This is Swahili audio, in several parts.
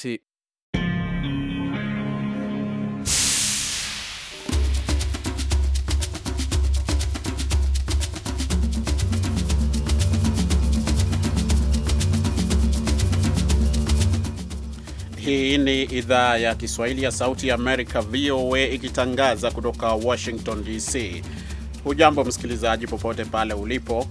Sí. Hii ni idhaa ya Kiswahili ya Sauti ya Amerika, VOA, ikitangaza kutoka Washington DC. Hujambo msikilizaji, popote pale ulipo.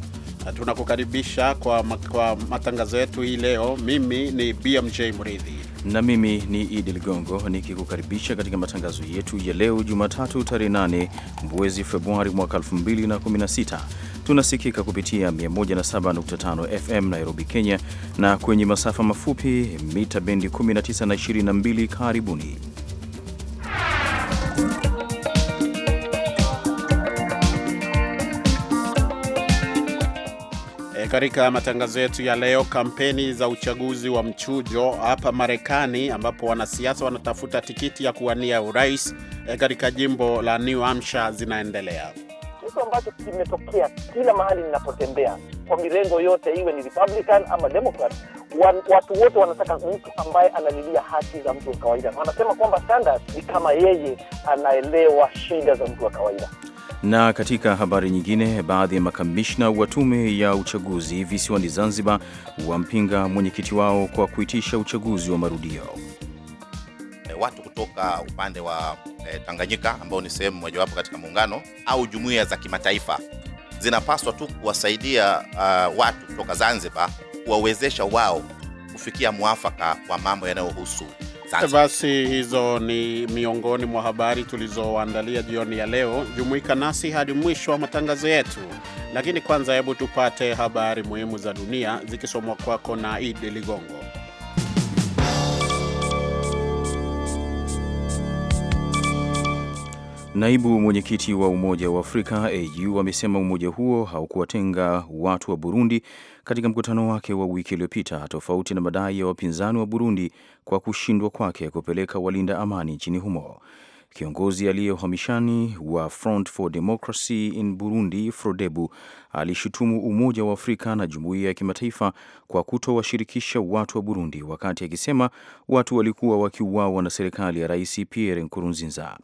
Tunakukaribisha kwa, kwa matangazo yetu hii leo. Mimi ni BMJ Mridhi na mimi ni Idi Ligongo nikikukaribisha katika matangazo yetu ya leo Jumatatu tarehe 8 mwezi Februari mwaka 2016. Tunasikika kupitia 107.5 FM Nairobi, Kenya na kwenye masafa mafupi mita bendi 19 na 22. Karibuni. katika matangazo yetu ya leo, kampeni za uchaguzi wa mchujo hapa Marekani ambapo wanasiasa wanatafuta tikiti ya kuwania urais eh, katika jimbo la New Hampshire zinaendelea. Kitu ambacho kimetokea kila mahali ninapotembea, kwa mirengo yote, iwe ni Republican ama Democrat, watu wote wanataka mtu ambaye analilia haki za mtu wa kawaida. Wanasema kwamba Sanders ni kama yeye anaelewa shida za mtu wa kawaida. Na katika habari nyingine, baadhi ya makamishna wa tume ya uchaguzi visiwani Zanzibar wampinga mwenyekiti wao kwa kuitisha uchaguzi wa marudio. Eh, watu kutoka upande wa e, Tanganyika ambao ni sehemu mojawapo katika muungano au jumuiya za kimataifa zinapaswa tu kuwasaidia uh, watu kutoka Zanzibar kuwawezesha wao kufikia mwafaka wa mambo yanayohusu sasa. Eh, basi hizo ni miongoni mwa habari tulizoandalia jioni ya leo. Jumuika nasi hadi mwisho wa matangazo yetu, lakini kwanza, hebu tupate habari muhimu za dunia zikisomwa kwako na Idi Ligongo. Naibu mwenyekiti wa Umoja wa Afrika AU amesema umoja huo haukuwatenga watu wa Burundi katika mkutano wake wa wiki iliyopita, tofauti na madai ya wapinzani wa Burundi kwa kushindwa kwake kupeleka walinda amani nchini humo. Kiongozi aliye uhamishani wa Front for Democracy in Burundi, Frodebu, alishutumu Umoja wa Afrika na jumuiya ya kimataifa kwa kutowashirikisha watu wa Burundi, wakati akisema watu walikuwa wakiuawa na serikali ya Rais Pierre Nkurunziza.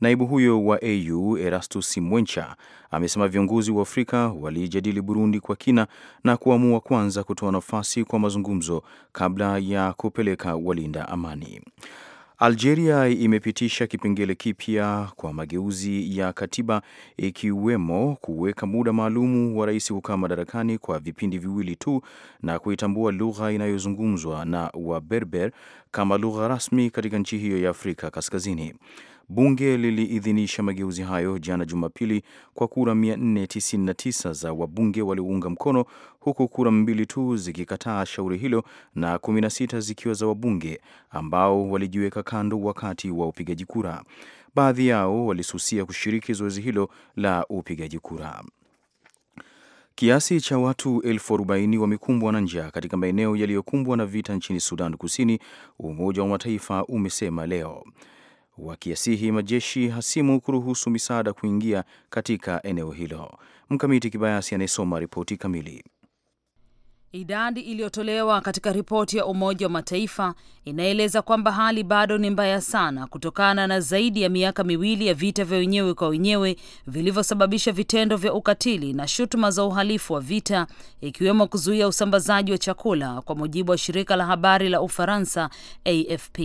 Naibu huyo wa AU Erastus Mwencha amesema viongozi wa Afrika walijadili Burundi kwa kina na kuamua kwanza kutoa nafasi kwa mazungumzo kabla ya kupeleka walinda amani. Algeria imepitisha kipengele kipya kwa mageuzi ya katiba ikiwemo kuweka muda maalumu wa rais kukaa madarakani kwa vipindi viwili tu na kuitambua lugha inayozungumzwa na Waberber kama lugha rasmi katika nchi hiyo ya Afrika Kaskazini. Bunge liliidhinisha mageuzi hayo jana Jumapili kwa kura 499 za wabunge waliounga mkono, huku kura mbili tu zikikataa shauri hilo na 16 zikiwa za wabunge ambao walijiweka kando wakati wa upigaji kura. Baadhi yao walisusia kushiriki zoezi hilo la upigaji kura. Kiasi cha watu elfu arobaini wamekumbwa na njaa katika maeneo yaliyokumbwa na vita nchini Sudan Kusini, Umoja wa Mataifa umesema leo wakiasihi majeshi hasimu kuruhusu misaada kuingia katika eneo hilo. Mkamiti Kibayasi anayesoma ripoti kamili. Idadi iliyotolewa katika ripoti ya Umoja wa Mataifa inaeleza kwamba hali bado ni mbaya sana kutokana na zaidi ya miaka miwili ya vita vya wenyewe kwa wenyewe vilivyosababisha vitendo vya ukatili na shutuma za uhalifu wa vita ikiwemo kuzuia usambazaji wa chakula, kwa mujibu wa shirika la habari la Ufaransa AFP.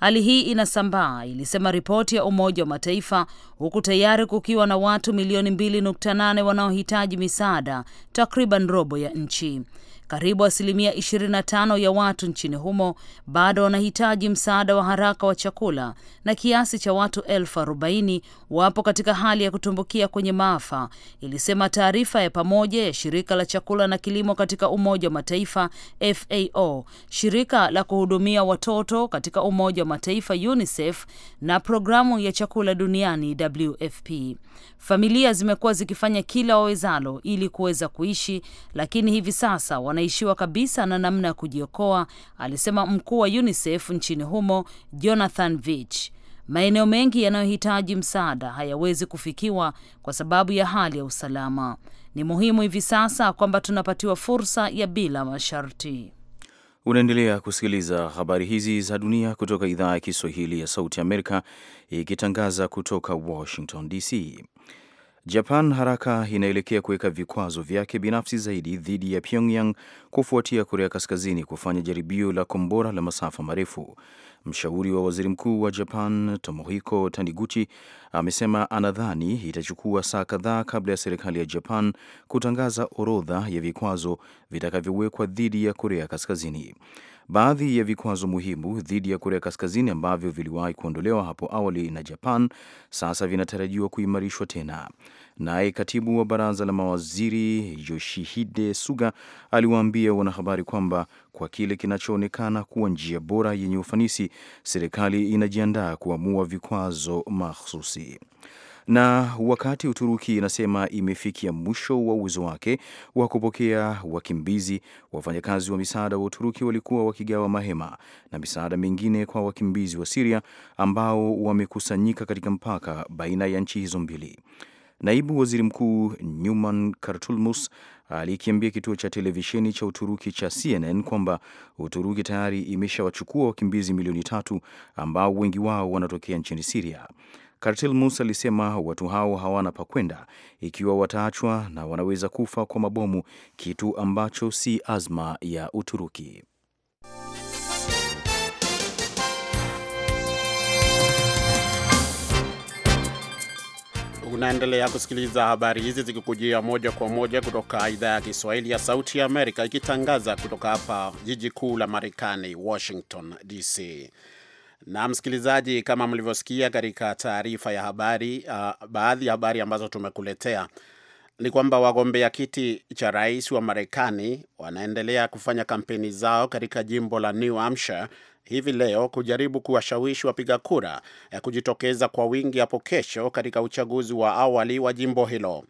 Hali hii inasambaa, ilisema ripoti ya Umoja wa Mataifa, huku tayari kukiwa na watu milioni 2.8 wanaohitaji misaada, takriban robo ya nchi karibu asilimia 25 ya watu nchini humo bado wanahitaji msaada wa haraka wa chakula na kiasi cha watu elfu arobaini wapo katika hali ya kutumbukia kwenye maafa, ilisema taarifa ya pamoja ya shirika la chakula na kilimo katika Umoja wa Mataifa FAO, shirika la kuhudumia watoto katika Umoja wa Mataifa UNICEF na programu ya chakula duniani WFP. Familia zimekuwa zikifanya kila wawezalo ili kuweza kuishi, lakini hivi sasa wanaishiwa kabisa na namna ya kujiokoa, alisema mkuu wa UNICEF nchini humo Jonathan Vich. Maeneo mengi yanayohitaji msaada hayawezi kufikiwa kwa sababu ya hali ya usalama. Ni muhimu hivi sasa kwamba tunapatiwa fursa ya bila masharti. Unaendelea kusikiliza habari hizi za dunia kutoka idhaa ya Kiswahili ya Sauti Amerika, ikitangaza kutoka Washington DC. Japan haraka inaelekea kuweka vikwazo vyake binafsi zaidi dhidi ya Pyongyang kufuatia Korea Kaskazini kufanya jaribio la kombora la masafa marefu. Mshauri wa waziri mkuu wa Japan Tomohiko Taniguchi amesema anadhani itachukua saa kadhaa kabla ya serikali ya Japan kutangaza orodha ya vikwazo vitakavyowekwa dhidi ya Korea Kaskazini. Baadhi ya vikwazo muhimu dhidi ya Korea Kaskazini ambavyo viliwahi kuondolewa hapo awali na Japan sasa vinatarajiwa kuimarishwa tena. Naye katibu wa baraza la mawaziri Yoshihide Suga aliwaambia wanahabari kwamba kwa kile kinachoonekana kuwa njia bora yenye ufanisi, serikali inajiandaa kuamua vikwazo mahsusi. Na wakati Uturuki inasema imefikia mwisho wa uwezo wake wa kupokea wakimbizi, wafanyakazi wa misaada wa Uturuki walikuwa wakigawa mahema na misaada mingine kwa wakimbizi wa Siria ambao wamekusanyika katika mpaka baina ya nchi hizo mbili. Naibu Waziri Mkuu Numan kartulmus alikiambia kituo cha televisheni cha Uturuki cha CNN kwamba Uturuki tayari imeshawachukua wakimbizi milioni tatu ambao wengi wao wanatokea nchini Siria kartil Musa alisema watu hao hawana pa kwenda ikiwa wataachwa na wanaweza kufa kwa mabomu, kitu ambacho si azma ya Uturuki. Unaendelea kusikiliza habari hizi zikikujia moja kwa moja kutoka idhaa ya Kiswahili ya Sauti ya Amerika, ikitangaza kutoka hapa jiji kuu la Marekani, Washington DC. Na msikilizaji, kama mlivyosikia katika taarifa ya habari uh, baadhi ya habari ambazo tumekuletea ni kwamba wagombea kiti cha rais wa Marekani wanaendelea kufanya kampeni zao katika jimbo la New Hampshire hivi leo kujaribu kuwashawishi wapiga kura ya kujitokeza kwa wingi hapo kesho katika uchaguzi wa awali wa jimbo hilo.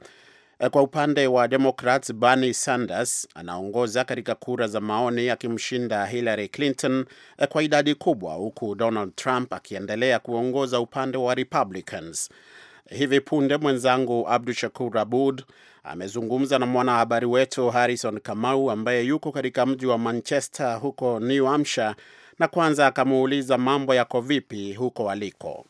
Eh, kwa upande wa Democrats, Bernie Sanders anaongoza katika kura za maoni akimshinda Hillary Clinton eh, kwa idadi kubwa, huku Donald Trump akiendelea kuongoza upande wa Republicans. Hivi punde mwenzangu Abdu Shakur Abud amezungumza na mwanahabari wetu Harrison Kamau ambaye yuko katika mji wa Manchester huko New Hampshire, na kwanza akamuuliza mambo yako vipi huko aliko.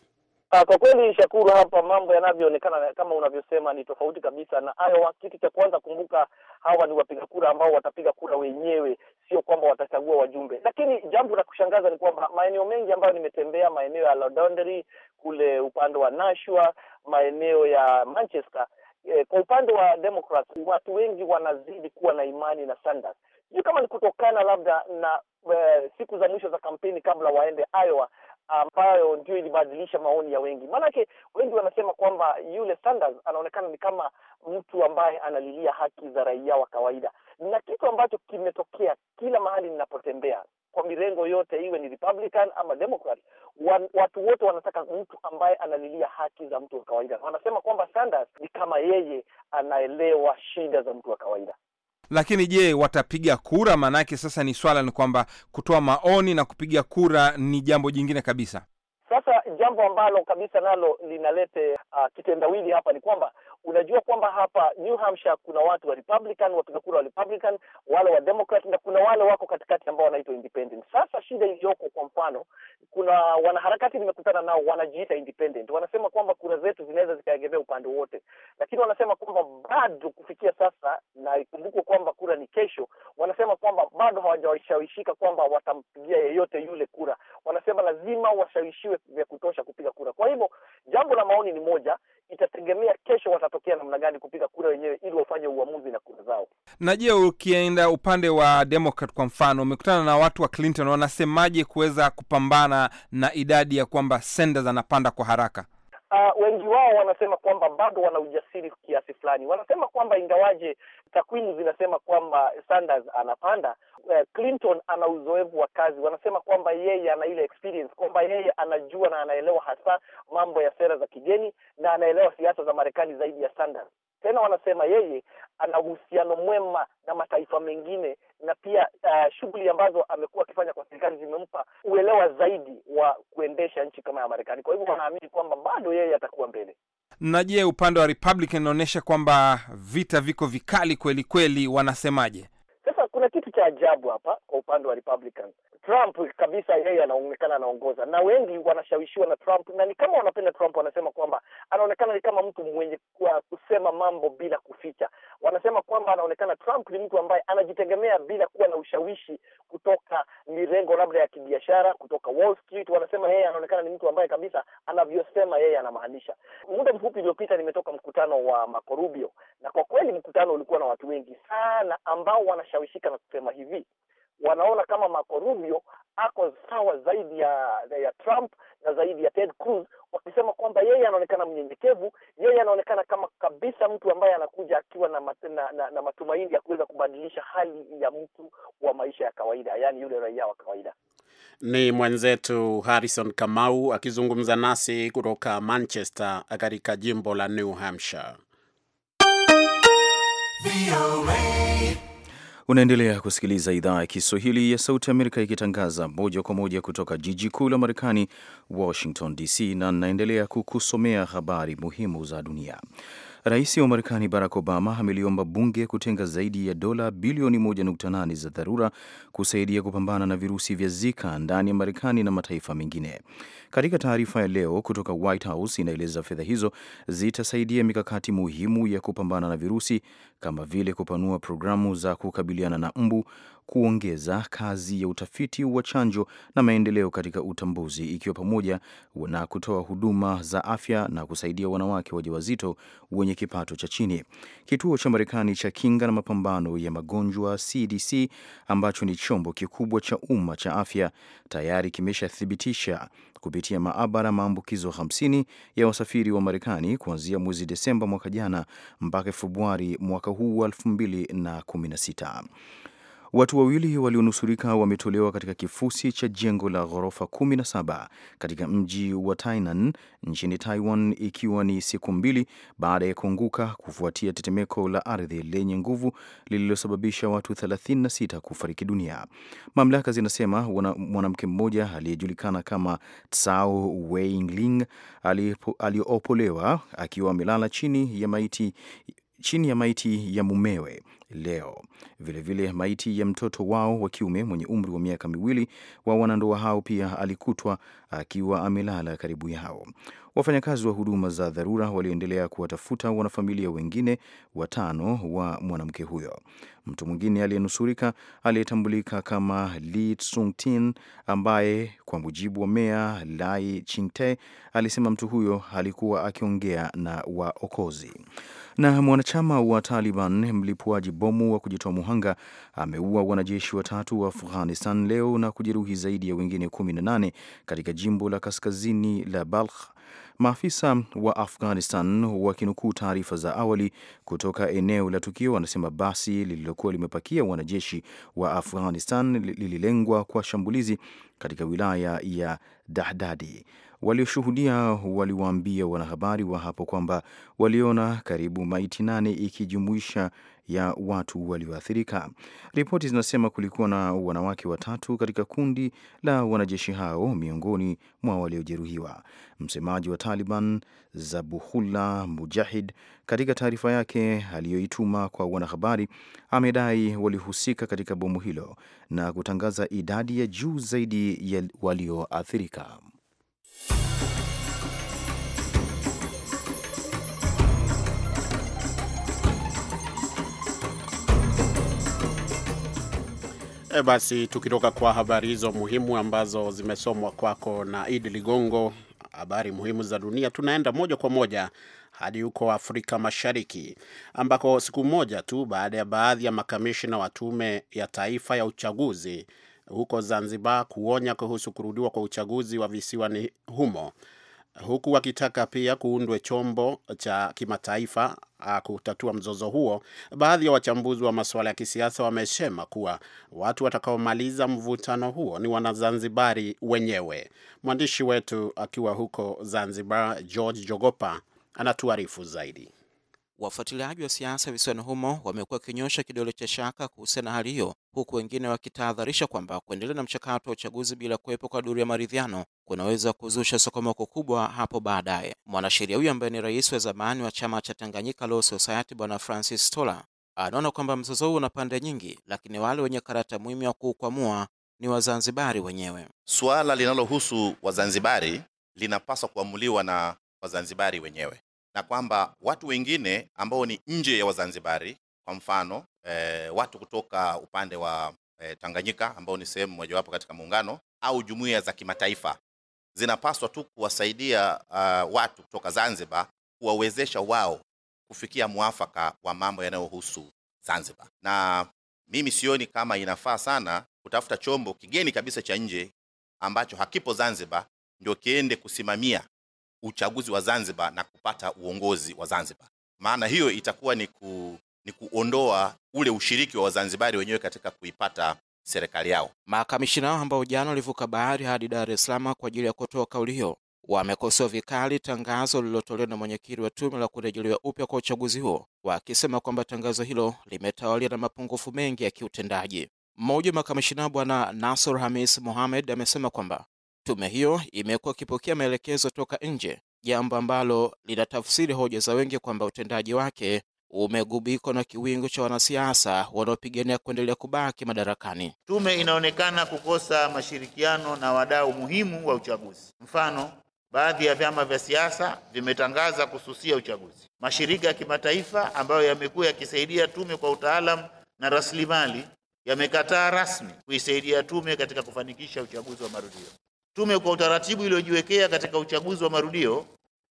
Kwa kweli Shakuru, hapa mambo yanavyoonekana kama unavyosema ni tofauti kabisa na Iowa. Kitu cha kwanza, kumbuka hawa ni wapiga kura ambao watapiga kura wenyewe, sio kwamba watachagua wajumbe. Lakini jambo la kushangaza ni kwamba maeneo mengi ambayo nimetembea, maeneo ya Londonderry kule upande wa Nashua, maeneo ya Manchester, eh, kwa upande wa Democrats watu wengi wanazidi kuwa na imani na Sanders, kama ni kutokana labda na eh, siku za mwisho za kampeni kabla waende Iowa ambayo ndio ilibadilisha maoni ya wengi. Maanake wengi wanasema kwamba yule Sanders anaonekana ni kama mtu ambaye analilia haki za raia wa kawaida, na kitu ambacho kimetokea kila mahali ninapotembea kwa mirengo yote iwe ni Republican ama Democrat, wan, watu wote wanataka mtu ambaye analilia haki za mtu wa kawaida. Wanasema kwamba Sanders ni kama yeye anaelewa shida za mtu wa kawaida. Lakini je, watapiga kura? Maanake sasa ni swala ni kwamba kutoa maoni na kupiga kura ni jambo jingine kabisa. Sasa jambo ambalo kabisa nalo linalete uh, kitendawili hapa ni kwamba unajua kwamba hapa New Hampshire kuna watu wa Republican, wapiga kura wa Republican, wale wa Democrat na kuna wale wako katikati ambao wanaitwa independent. Sasa shida iliyoko, kwa mfano, kuna wanaharakati nimekutana nao wanajiita independent, wanasema kwamba kura zetu zinaweza zikaegemea upande wote, lakini wanasema kwamba bado kufikia sasa, na ikumbukwe kwamba kura ni kesho, wanasema kwamba bado hawajashawishika kwamba watampigia yeyote yule kura. Wanasema lazima washawishiwe vya kutosha kupiga kura. Kwa hivyo jambo la maoni ni moja, itategemea kesho watatoa watatokea namna gani kupiga kura wenyewe, ili wafanye uamuzi na kura zao. Na je, ukienda upande wa Democrat kwa mfano, umekutana na watu wa Clinton, wanasemaje kuweza kupambana na idadi ya kwamba Sanders anapanda kwa haraka? uh, wengi wao wanasema kwamba bado wana ujasiri kiasi fulani. Wanasema kwamba ingawaje takwimu zinasema kwamba Sanders anapanda, uh, Clinton ana uzoefu wa kazi. Wanasema kwamba yeye ana ile experience, kwamba yeye anajua na anaelewa hasa mambo ya sera za kigeni na anaelewa siasa za Marekani zaidi ya Sanders. Tena wanasema yeye ana uhusiano mwema na mataifa mengine na pia uh, shughuli ambazo amekuwa akifanya kwa serikali zimempa uelewa zaidi wa kuendesha nchi kama ya Marekani. Kwa hivyo wanaamini kwamba bado yeye atakuwa mbele. Na je, upande wa Republican inaonyesha kwamba vita viko vikali kweli kweli, wanasemaje? Sasa kuna kitu cha ajabu hapa kwa upande wa Republican. Trump kabisa, yeye anaonekana anaongoza, na wengi wanashawishiwa na Trump na ni kama wanapenda Trump. Wanasema kwamba anaonekana ni kama mtu mwenye kwa kusema mambo bila kuficha. Wanasema kwamba anaonekana Trump ni mtu ambaye anajitegemea bila kuwa na ushawishi kutoka mirengo labda ya kibiashara, kutoka Wall Street. Wanasema yeye anaonekana ni mtu ambaye kabisa anavyosema yeye anamaanisha. Muda mfupi uliopita nimetoka mkutano wa Marco Rubio, na kwa kweli mkutano ulikuwa na watu wengi sana ambao wanashawishika na kusema hivi wanaona kama Marco Rubio ako sawa zaidi ya ya Trump na zaidi ya Ted Cruz, wakisema kwamba yeye anaonekana mnyenyekevu, yeye anaonekana kama kabisa mtu ambaye anakuja akiwa na, mat, na, na, na matumaini ya kuweza kubadilisha hali ya mtu wa maisha ya kawaida, yaani yule raia wa kawaida. Ni mwenzetu Harrison Kamau akizungumza nasi kutoka Manchester katika jimbo la New Hampshire. Unaendelea kusikiliza idhaa ya Kiswahili ya Sauti Amerika ikitangaza moja kwa moja kutoka jiji kuu la Marekani, Washington DC, na naendelea kukusomea habari muhimu za dunia. Rais wa Marekani Barack Obama ameliomba bunge kutenga zaidi ya dola bilioni 1.8 za dharura kusaidia kupambana na virusi vya Zika ndani ya Marekani na mataifa mengine. Katika taarifa ya leo kutoka White House inaeleza fedha hizo zitasaidia mikakati muhimu ya kupambana na virusi kama vile kupanua programu za kukabiliana na mbu kuongeza kazi ya utafiti wa chanjo na maendeleo katika utambuzi, ikiwa pamoja na kutoa huduma za afya na kusaidia wanawake wajawazito wenye kipato cha chini. Kituo cha Marekani cha kinga na mapambano ya magonjwa CDC, ambacho ni chombo kikubwa cha umma cha afya, tayari kimeshathibitisha kupitia maabara maambukizo 50 ya wasafiri wa Marekani kuanzia mwezi Desemba mwaka jana mpaka Februari mwaka huu wa 2016. Watu wawili walionusurika wametolewa katika kifusi cha jengo la ghorofa 17 katika mji wa Tainan nchini Taiwan, ikiwa ni siku mbili baada ya kuanguka kufuatia tetemeko la ardhi lenye nguvu lililosababisha watu 36 kufariki dunia. Mamlaka zinasema mwanamke mmoja aliyejulikana kama Tsao Weingling aliopolewa akiwa amelala chini ya maiti chini ya maiti ya mumewe leo. Vilevile vile maiti ya mtoto wao wa kiume mwenye umri wa miaka miwili wa wanandoa hao pia alikutwa akiwa amelala karibu yao. Wafanyakazi wa huduma za dharura waliendelea kuwatafuta wanafamilia wengine watano wa mwanamke huyo. Mtu mwingine aliyenusurika aliyetambulika kama Li Tsungtin, ambaye kwa mujibu wa meya Lai Chingte alisema mtu huyo alikuwa akiongea na waokozi. Na mwanachama wa Taliban mlipuaji bomu wa kujitoa muhanga ameua wanajeshi watatu wa Afghanistan leo na kujeruhi zaidi ya wengine 18 katika jimbo la kaskazini la Balkh. Maafisa wa Afghanistan wakinukuu taarifa za awali kutoka eneo la tukio wanasema basi lililokuwa limepakia wanajeshi wa Afghanistan lililengwa kwa shambulizi katika wilaya ya Dahdadi. Walioshuhudia waliwaambia wanahabari wa hapo kwamba waliona karibu maiti nane ikijumuisha ya watu walioathirika. Ripoti zinasema kulikuwa na wanawake watatu katika kundi la wanajeshi hao miongoni mwa waliojeruhiwa. Msemaji wa Taliban zabuhulla Mujahid, katika taarifa yake aliyoituma kwa wanahabari, amedai walihusika katika bomu hilo na kutangaza idadi ya juu zaidi ya walioathirika. E, basi tukitoka kwa habari hizo muhimu ambazo zimesomwa kwako na Idi Ligongo, habari muhimu za dunia, tunaenda moja kwa moja hadi huko Afrika Mashariki ambako siku moja tu baada ya baadhi ya makamishina wa tume ya taifa ya uchaguzi huko Zanzibar kuonya kuhusu kurudiwa kwa uchaguzi wa visiwani humo huku wakitaka pia kuundwe chombo cha kimataifa ah, kutatua mzozo huo. Baadhi ya wachambuzi wa masuala ya kisiasa wamesema kuwa watu watakaomaliza mvutano huo ni Wanazanzibari wenyewe. Mwandishi wetu akiwa huko Zanzibar, George Jogopa, anatuarifu zaidi. Wafuatiliaji wa siasa visiwani humo wamekuwa wakinyosha kidole cha shaka kuhusiana na hali hiyo, huku wengine wakitahadharisha kwamba kuendelea na mchakato wa uchaguzi bila kuwepo kwa duru ya maridhiano kunaweza kuzusha sokomoko kubwa hapo baadaye. Mwanasheria huyo ambaye ni rais wa zamani wa chama cha Tanganyika Law Society Bwana Francis Tola anaona kwamba mzozo huu una pande nyingi, lakini wale wenye karata muhimu ya kuukwamua ni Wazanzibari wenyewe. Suala linalohusu Wazanzibari linapaswa kuamuliwa na Wazanzibari wenyewe na kwamba watu wengine ambao ni nje ya Wazanzibari, kwa mfano e, watu kutoka upande wa e, Tanganyika ambao ni sehemu mojawapo katika muungano au jumuiya za kimataifa zinapaswa tu kuwasaidia uh, watu kutoka Zanzibar kuwawezesha wao kufikia mwafaka wa mambo yanayohusu Zanzibar. Na mimi sioni kama inafaa sana kutafuta chombo kigeni kabisa cha nje ambacho hakipo Zanzibar ndio kiende kusimamia uchaguzi wa Zanzibar na kupata uongozi wa Zanzibar, maana hiyo itakuwa ni, ku, ni kuondoa ule ushiriki wa Wazanzibari wenyewe katika kuipata serikali yao. Makamishina hao ambao jana walivuka bahari hadi Dar es Salaam kwa ajili ya kutoa kauli hiyo wamekosoa vikali tangazo lililotolewa na mwenyekiti wa tume la kurejelewa upya kwa uchaguzi huo, wakisema kwamba tangazo hilo limetawaliwa na mapungufu mengi ya kiutendaji. Mmoja wa makamishina bwana Nasor Hamis Mohamed amesema kwamba Tume hiyo imekuwa ikipokea maelekezo toka nje, jambo ambalo linatafsiri hoja za wengi kwamba utendaji wake umegubikwa na kiwingu cha wanasiasa wanaopigania kuendelea kubaki madarakani. Tume inaonekana kukosa mashirikiano na wadau muhimu wa uchaguzi. Mfano, baadhi ya vyama vya siasa vimetangaza kususia uchaguzi. Mashirika ya kimataifa ambayo yamekuwa yakisaidia tume kwa utaalamu na rasilimali yamekataa rasmi kuisaidia tume katika kufanikisha uchaguzi wa marudio. Tume kwa utaratibu iliyojiwekea katika uchaguzi wa marudio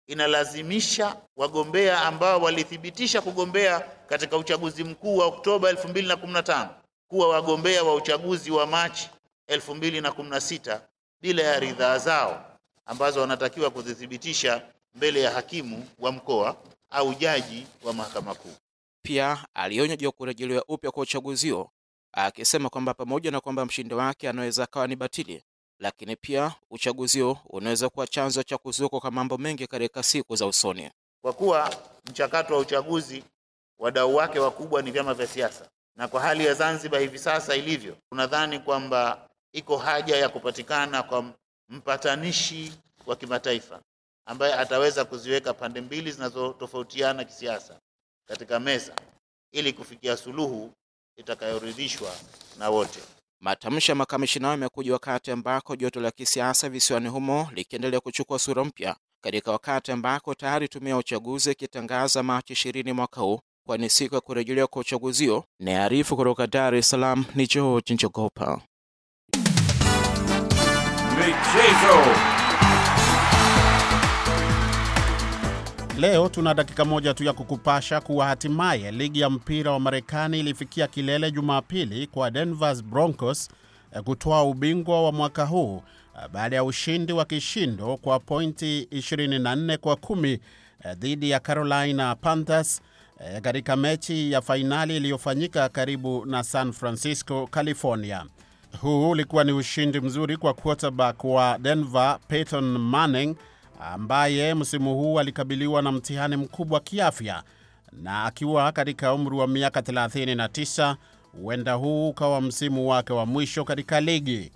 inalazimisha wagombea ambao walithibitisha kugombea katika uchaguzi mkuu wa Oktoba 2015 kuwa wagombea wa uchaguzi wa Machi 2016 bila ya ridhaa zao ambazo wanatakiwa kuzithibitisha mbele ya hakimu wa mkoa au jaji wa mahakama kuu. Pia alionya juu ya kurejelewa upya kwa uchaguzi huo akisema kwamba pamoja na kwamba mshindi wake anaweza akawa ni batili lakini pia uchaguzi huo unaweza kuwa chanzo cha kuzuka kwa mambo mengi katika siku za usoni, kwa kuwa mchakato wa uchaguzi wadau wake wakubwa ni vyama vya siasa, na kwa hali ya Zanzibar hivi sasa ilivyo, tunadhani kwamba iko haja ya kupatikana kwa mpatanishi wa kimataifa ambaye ataweza kuziweka pande mbili zinazotofautiana kisiasa katika meza ili kufikia suluhu itakayoridhishwa na wote. Matamshi ya makamishina hayo yamekuja wakati ambako joto la kisiasa visiwani humo likiendelea kuchukua sura mpya katika wakati ambako tayari tume ya uchaguzi ikitangaza Machi ishirini mwaka huu kwa ni siku ya kurejelewa kwa uchaguzi huo. Ni arifu kutoka Dar es Salaam ni George Njogopa. Michezo. Leo tuna dakika moja tu ya kukupasha kuwa hatimaye ligi ya mpira wa Marekani ilifikia kilele Jumapili kwa Denver Broncos eh, kutoa ubingwa wa mwaka huu eh, baada ya ushindi wa kishindo kwa pointi 24 kwa kumi eh, dhidi ya Carolina Panthers katika mechi ya fainali iliyofanyika karibu na San Francisco, California. Huu ulikuwa ni ushindi mzuri kwa quarterback wa Denver Peyton Manning ambaye msimu huu alikabiliwa na mtihani mkubwa kiafya na akiwa katika umri wa miaka 39 huenda huu ukawa msimu wake wa mwisho katika ligi.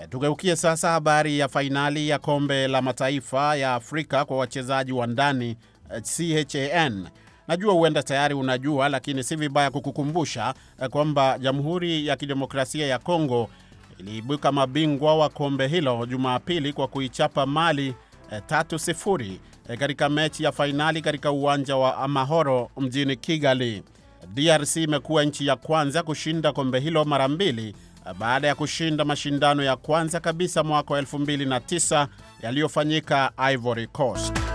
E, tugeukie sasa habari ya fainali ya kombe la mataifa ya Afrika kwa wachezaji wa ndani e, CHAN. Najua huenda tayari unajua, lakini si vibaya kukukumbusha e, kwamba Jamhuri ya Kidemokrasia ya Kongo iliibuka mabingwa wa kombe hilo Jumapili kwa kuichapa Mali tatu sifuri eh, katika mechi ya fainali katika uwanja wa Amahoro mjini Kigali. DRC imekuwa nchi ya kwanza kushinda kombe hilo mara mbili eh, baada ya kushinda mashindano ya kwanza kabisa mwaka 2009 yaliyofanyika Ivory Coast.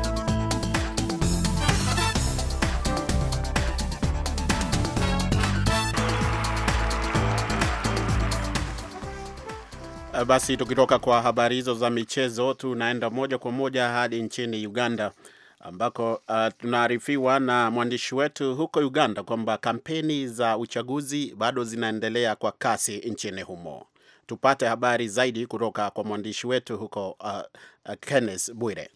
Eh, basi tukitoka kwa habari hizo za michezo, tunaenda moja kwa moja hadi nchini Uganda ambako uh, tunaarifiwa na mwandishi wetu huko Uganda kwamba kampeni za uchaguzi bado zinaendelea kwa kasi nchini humo. Tupate habari zaidi kutoka kwa mwandishi wetu huko uh, uh, Kenneth Bwire.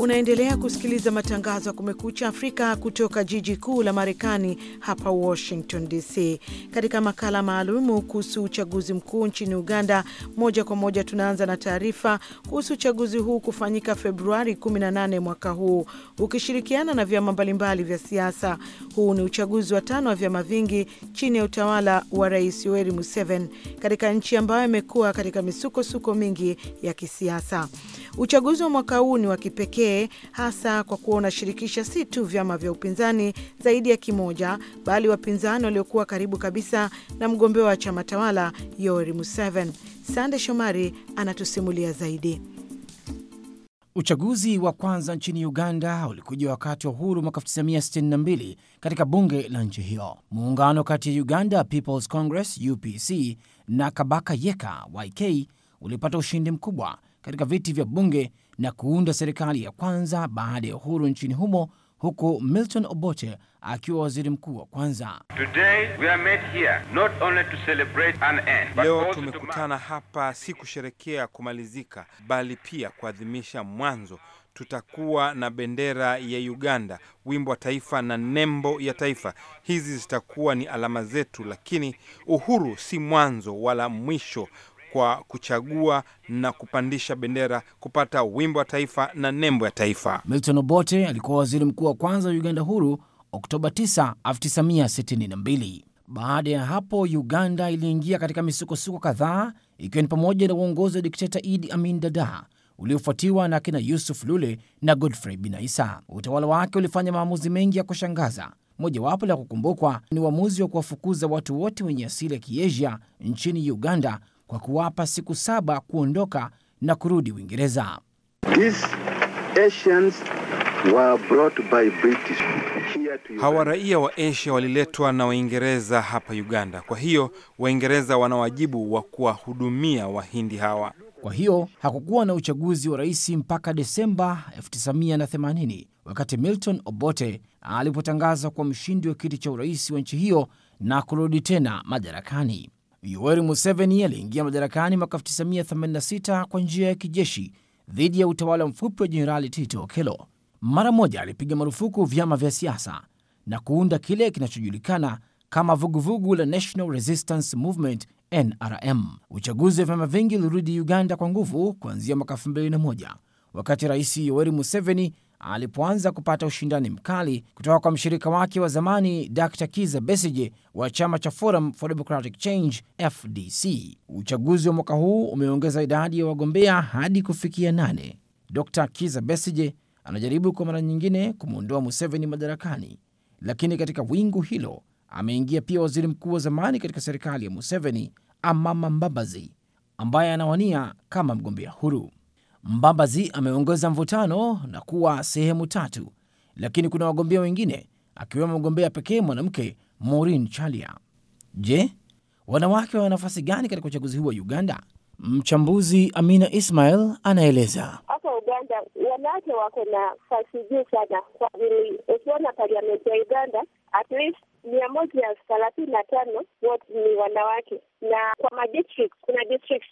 Unaendelea kusikiliza matangazo ya Kumekucha Afrika kutoka jiji kuu la Marekani, hapa Washington DC. Katika makala maalumu kuhusu uchaguzi mkuu nchini Uganda, moja kwa moja tunaanza na taarifa kuhusu uchaguzi huu kufanyika Februari 18 mwaka huu, ukishirikiana na vyama mbalimbali vya siasa. Huu ni uchaguzi wa tano wa vyama vingi chini ya utawala wa Rais Yoweri Museveni katika nchi ambayo imekuwa katika misukosuko mingi ya kisiasa. Uchaguzi wa mwaka huu ni wa kipekee hasa kwa kuwa unashirikisha si tu vyama vya upinzani zaidi ya kimoja, bali wapinzani waliokuwa karibu kabisa na mgombea wa chama tawala Yoweri Museveni. Sande Shomari anatusimulia zaidi. Uchaguzi wa kwanza nchini Uganda ulikuja wakati wa uhuru mwaka 1962 katika bunge la nchi hiyo. Muungano kati ya Uganda People's Congress UPC na Kabaka Yeka YK ulipata ushindi mkubwa katika viti vya bunge na kuunda serikali ya kwanza baada ya uhuru nchini humo, huku Milton Obote akiwa waziri mkuu wa kwanza. Leo tumekutana hapa si kusherekea kumalizika, bali pia kuadhimisha mwanzo. Tutakuwa na bendera ya Uganda, wimbo wa taifa na nembo ya taifa. Hizi zitakuwa ni alama zetu, lakini uhuru si mwanzo wala mwisho kwa kuchagua na kupandisha bendera kupata wimbo wa taifa na nembo ya taifa. Milton Obote alikuwa waziri mkuu wa kwanza wa Uganda huru Oktoba 9, 1962. Baada ya hapo Uganda iliingia katika misukosuko kadhaa, ikiwa ni pamoja na uongozi wa dikteta Idi Amin Dada uliofuatiwa na kina Yusuf Lule na Godfrey Binaisa. Utawala wake ulifanya maamuzi mengi ya kushangaza. Mojawapo la kukumbukwa ni uamuzi wa kuwafukuza watu wote wenye asili ya Kiasia nchini Uganda kwa kuwapa siku saba kuondoka na kurudi Uingereza. Hawa raia wa Asia waliletwa na Waingereza hapa Uganda, kwa hiyo Waingereza wana wajibu wa kuwahudumia Wahindi hawa. Kwa hiyo hakukuwa na uchaguzi wa rais mpaka Desemba 1980 wakati Milton Obote alipotangaza kwa mshindi wa kiti cha urais wa nchi hiyo na kurudi tena madarakani. Yoweri Museveni aliingia madarakani mwaka 1986 kwa njia ya kijeshi dhidi ya utawala mfupi wa Jenerali Tito Okello. Mara moja alipiga marufuku vyama vya siasa na kuunda kile kinachojulikana kama vuguvugu la National Resistance Movement NRM. Uchaguzi wa vyama vingi ulirudi Uganda kwa nguvu kuanzia mwaka 2001 wakati Rais Yoweri Museveni alipoanza kupata ushindani mkali kutoka kwa mshirika wake wa zamani Dr. Kiza Besige wa chama cha Forum for Democratic Change FDC. Uchaguzi wa mwaka huu umeongeza idadi ya wagombea hadi kufikia nane. Dr. Kiza Besige anajaribu kwa mara nyingine kumwondoa Museveni madarakani, lakini katika wingu hilo ameingia pia waziri mkuu wa zamani katika serikali ya Museveni, Amama Mbabazi, ambaye anawania kama mgombea huru. Mbabazi ameongeza mvutano na kuwa sehemu tatu, lakini kuna wagombea wengine akiwemo mgombea pekee mwanamke Maureen Chalia. Je, wanawake wana nafasi gani katika uchaguzi huu wa Uganda? Mchambuzi Amina Ismail anaeleza. Hapa Uganda wanawake wako na nafasi juu sana, kwa ajili ukiona parliament ya Uganda at least mia moja thelathini na tano wote ni wanawake, na kwa madistrict kuna district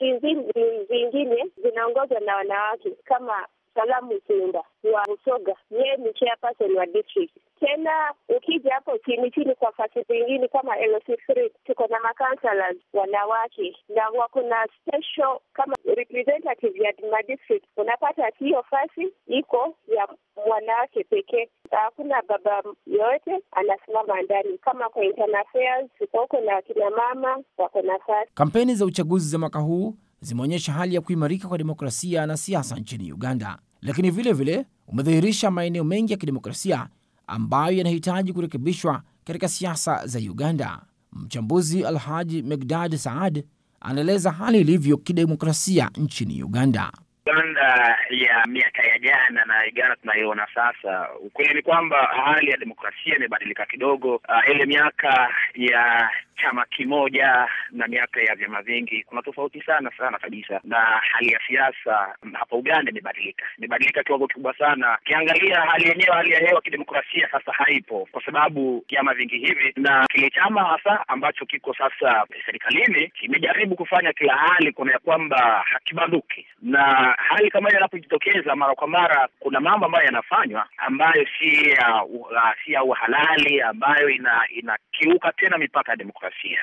zingine zinaongozwa na wanawake kama Salamu Sumba wa Usoga, yeye ni chairperson wa district. Tena ukija hapo chini chini kwa fasi zingine kama LC3 tuko na makansala wanawake na wako na special kama representative ya madistrict. Unapata hiyo fasi iko ya mwanawake pekee, hakuna baba yoyote anasimama ndani. Kama kwa internal affairs huko na kina mama wako na fasi. Kampeni za uchaguzi za mwaka huu zimeonyesha hali ya kuimarika kwa demokrasia na siasa nchini Uganda, lakini vile vile umedhihirisha maeneo mengi ya kidemokrasia ambayo yanahitaji kurekebishwa katika siasa za Uganda. Mchambuzi Alhaji Megdad Saad anaeleza hali ilivyo kidemokrasia nchini Uganda. Uganda ya miaka ya jana na Uganda tunayoona sasa, ukweli ni kwamba hali ya demokrasia imebadilika kidogo. Uh, ile miaka ya chama kimoja na miaka ya vyama vingi, kuna tofauti sana sana kabisa, na hali ya siasa hapa Uganda imebadilika, imebadilika kiwango kikubwa sana. Ukiangalia hali yenyewe, hali ya hewa kidemokrasia sasa haipo, kwa sababu vyama vingi hivi na kile chama hasa ambacho kiko sasa serikalini kimejaribu kufanya kila hali kuna ya kwamba hakibanduki, na hali kama hiyo inapojitokeza mara kwa mara, kuna mambo ambayo yanafanywa ambayo si ya uh, si ya uhalali ambayo ina inakiuka tena mipaka ya demokrasia demokrasia.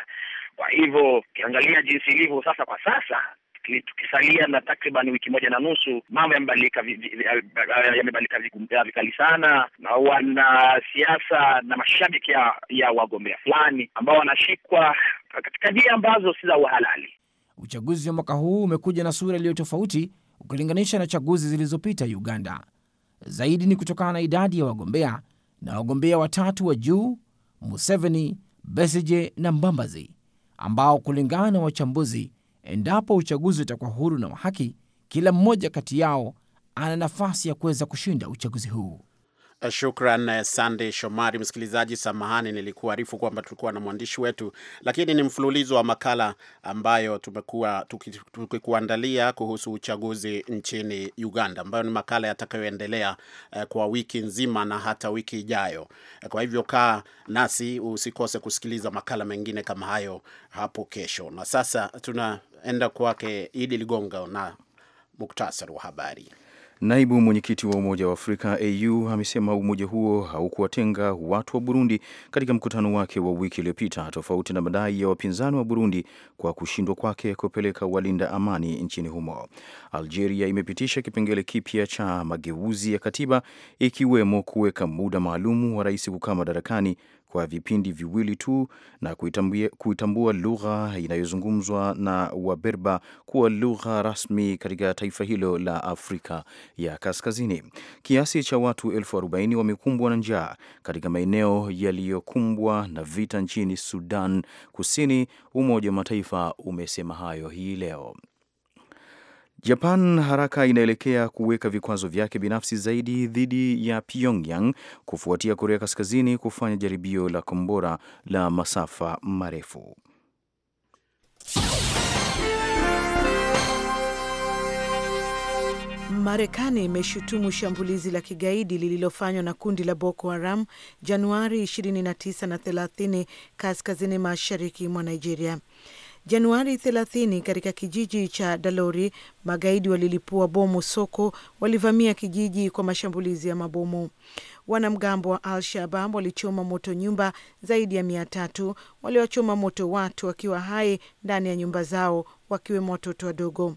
Kwa hivyo ukiangalia jinsi ilivyo sasa kwa sasa tukisalia na takriban wiki moja na nusu, mambo yamebadilika yamebadilika vikali sana, na wanasiasa na mashabiki ya, ya wagombea fulani ambao wanashikwa katika njia ambazo si za uhalali. Uchaguzi wa mwaka huu umekuja na sura iliyo tofauti ukilinganisha na chaguzi zilizopita Uganda. Zaidi ni kutokana na idadi ya wagombea na wagombea watatu wa juu, Museveni, Besigye na Mbambazi, ambao kulingana na wachambuzi, endapo uchaguzi utakuwa huru na wa haki, kila mmoja kati yao ana nafasi ya kuweza kushinda uchaguzi huu. Eh, shukran eh, Sandey Shomari. Msikilizaji, samahani, nilikuarifu kwamba tulikuwa na mwandishi wetu, lakini ni mfululizo wa makala ambayo tumekuwa tukikuandalia kuhusu uchaguzi nchini Uganda, ambayo ni makala yatakayoendelea eh, kwa wiki nzima na hata wiki ijayo. Kwa hivyo kaa nasi, usikose kusikiliza makala mengine kama hayo hapo kesho. Na sasa tunaenda kwake Idi ligongo na muktasari wa habari. Naibu mwenyekiti wa Umoja wa Afrika AU amesema umoja huo haukuwatenga watu wa Burundi katika mkutano wake wa wiki iliyopita, tofauti na madai ya wapinzani wa Burundi kwa kushindwa kwake kupeleka walinda amani nchini humo. Algeria imepitisha kipengele kipya cha mageuzi ya katiba, ikiwemo kuweka muda maalum wa rais kukaa madarakani kwa vipindi viwili tu na kuitambua, kuitambua lugha inayozungumzwa na waberba kuwa lugha rasmi katika taifa hilo la Afrika ya Kaskazini. Kiasi cha watu elfu arobaini wamekumbwa na njaa katika maeneo yaliyokumbwa na vita nchini Sudan Kusini. Umoja wa Mataifa umesema hayo hii leo. Japan haraka inaelekea kuweka vikwazo vyake binafsi zaidi dhidi ya Pyongyang kufuatia Korea Kaskazini kufanya jaribio la kombora la masafa marefu. Marekani imeshutumu shambulizi la kigaidi lililofanywa na kundi la Boko Haram Januari 29 na 30 kaskazini mashariki mwa Nigeria. Januari 30 katika kijiji cha Dalori, magaidi walilipua bomu soko, walivamia kijiji kwa mashambulizi ya mabomu. Wanamgambo wa Al Shabab walichoma moto nyumba zaidi ya mia tatu, waliwachoma moto watu wakiwa hai ndani ya nyumba zao, wakiwemo watoto wadogo.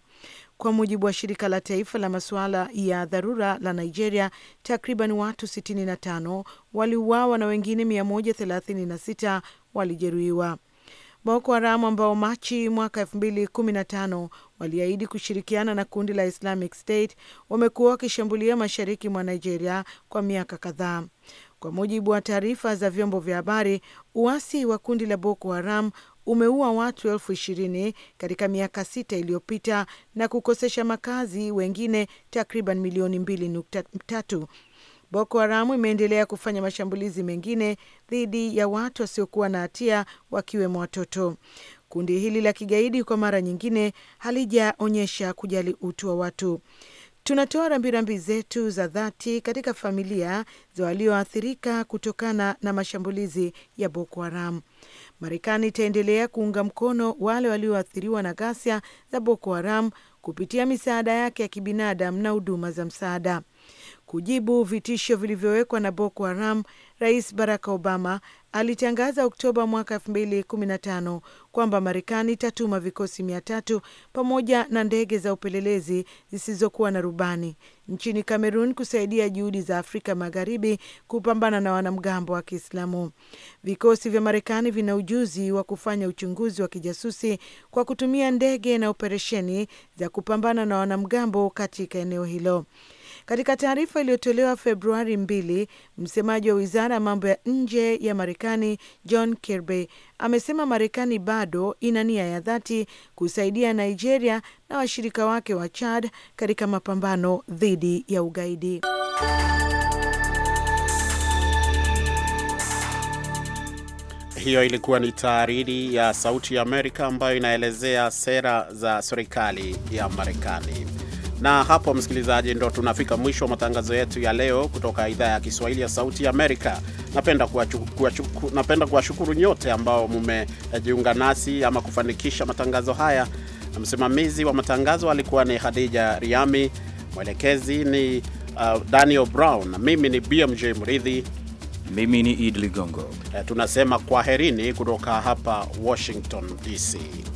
Kwa mujibu wa shirika la taifa la masuala ya dharura la Nigeria, takriban watu 65 waliuawa na wengine 136 walijeruhiwa. Boko haram ambao Machi mwaka 2015 waliahidi kushirikiana na kundi la Islamic State wamekuwa wakishambulia mashariki mwa Nigeria kwa miaka kadhaa. Kwa mujibu wa taarifa za vyombo vya habari, uasi wa kundi la Boko Haram umeua watu elfu ishirini katika miaka sita iliyopita na kukosesha makazi wengine takriban milioni mbili nukta tatu Boko Haramu imeendelea kufanya mashambulizi mengine dhidi ya watu wasiokuwa na hatia wakiwemo watoto. Kundi hili la kigaidi kwa mara nyingine halijaonyesha kujali utu wa watu. Tunatoa rambirambi zetu za dhati katika familia za walioathirika kutokana na mashambulizi ya Boko Haram. Marekani itaendelea kuunga mkono wale walioathiriwa na ghasia za Boko Haram kupitia misaada yake ya kibinadamu na huduma za msaada. Kujibu vitisho vilivyowekwa na Boko Haram, Rais Barack Obama alitangaza Oktoba mwaka 2015 kwamba Marekani itatuma vikosi mia tatu pamoja na ndege za upelelezi zisizokuwa na rubani nchini Kamerun kusaidia juhudi za Afrika Magharibi kupambana na wanamgambo wa Kiislamu. Vikosi vya Marekani vina ujuzi wa kufanya uchunguzi wa kijasusi kwa kutumia ndege na operesheni za kupambana na wanamgambo katika eneo hilo. Katika taarifa iliyotolewa Februari mbili, msemaji wa wizara ya mambo ya nje ya Marekani John Kirby amesema Marekani bado ina nia ya dhati kusaidia Nigeria na washirika wake wa Chad katika mapambano dhidi ya ugaidi. Hiyo ilikuwa ni taariri ya Sauti ya Amerika ambayo inaelezea sera za serikali ya Marekani. Na hapo msikilizaji, ndo tunafika mwisho wa matangazo yetu ya leo kutoka idhaa ya Kiswahili ya Sauti ya Amerika. Napenda kuwashukuru napenda kuwashukuru nyote ambao mmejiunga nasi ama kufanikisha matangazo haya. Msimamizi wa matangazo alikuwa ni hadija Riami, mwelekezi ni uh, Daniel Brown, na mimi ni BMJ Mridhi, mimi ni Idi Ligongo. Eh, tunasema kwaherini kutoka hapa Washington DC.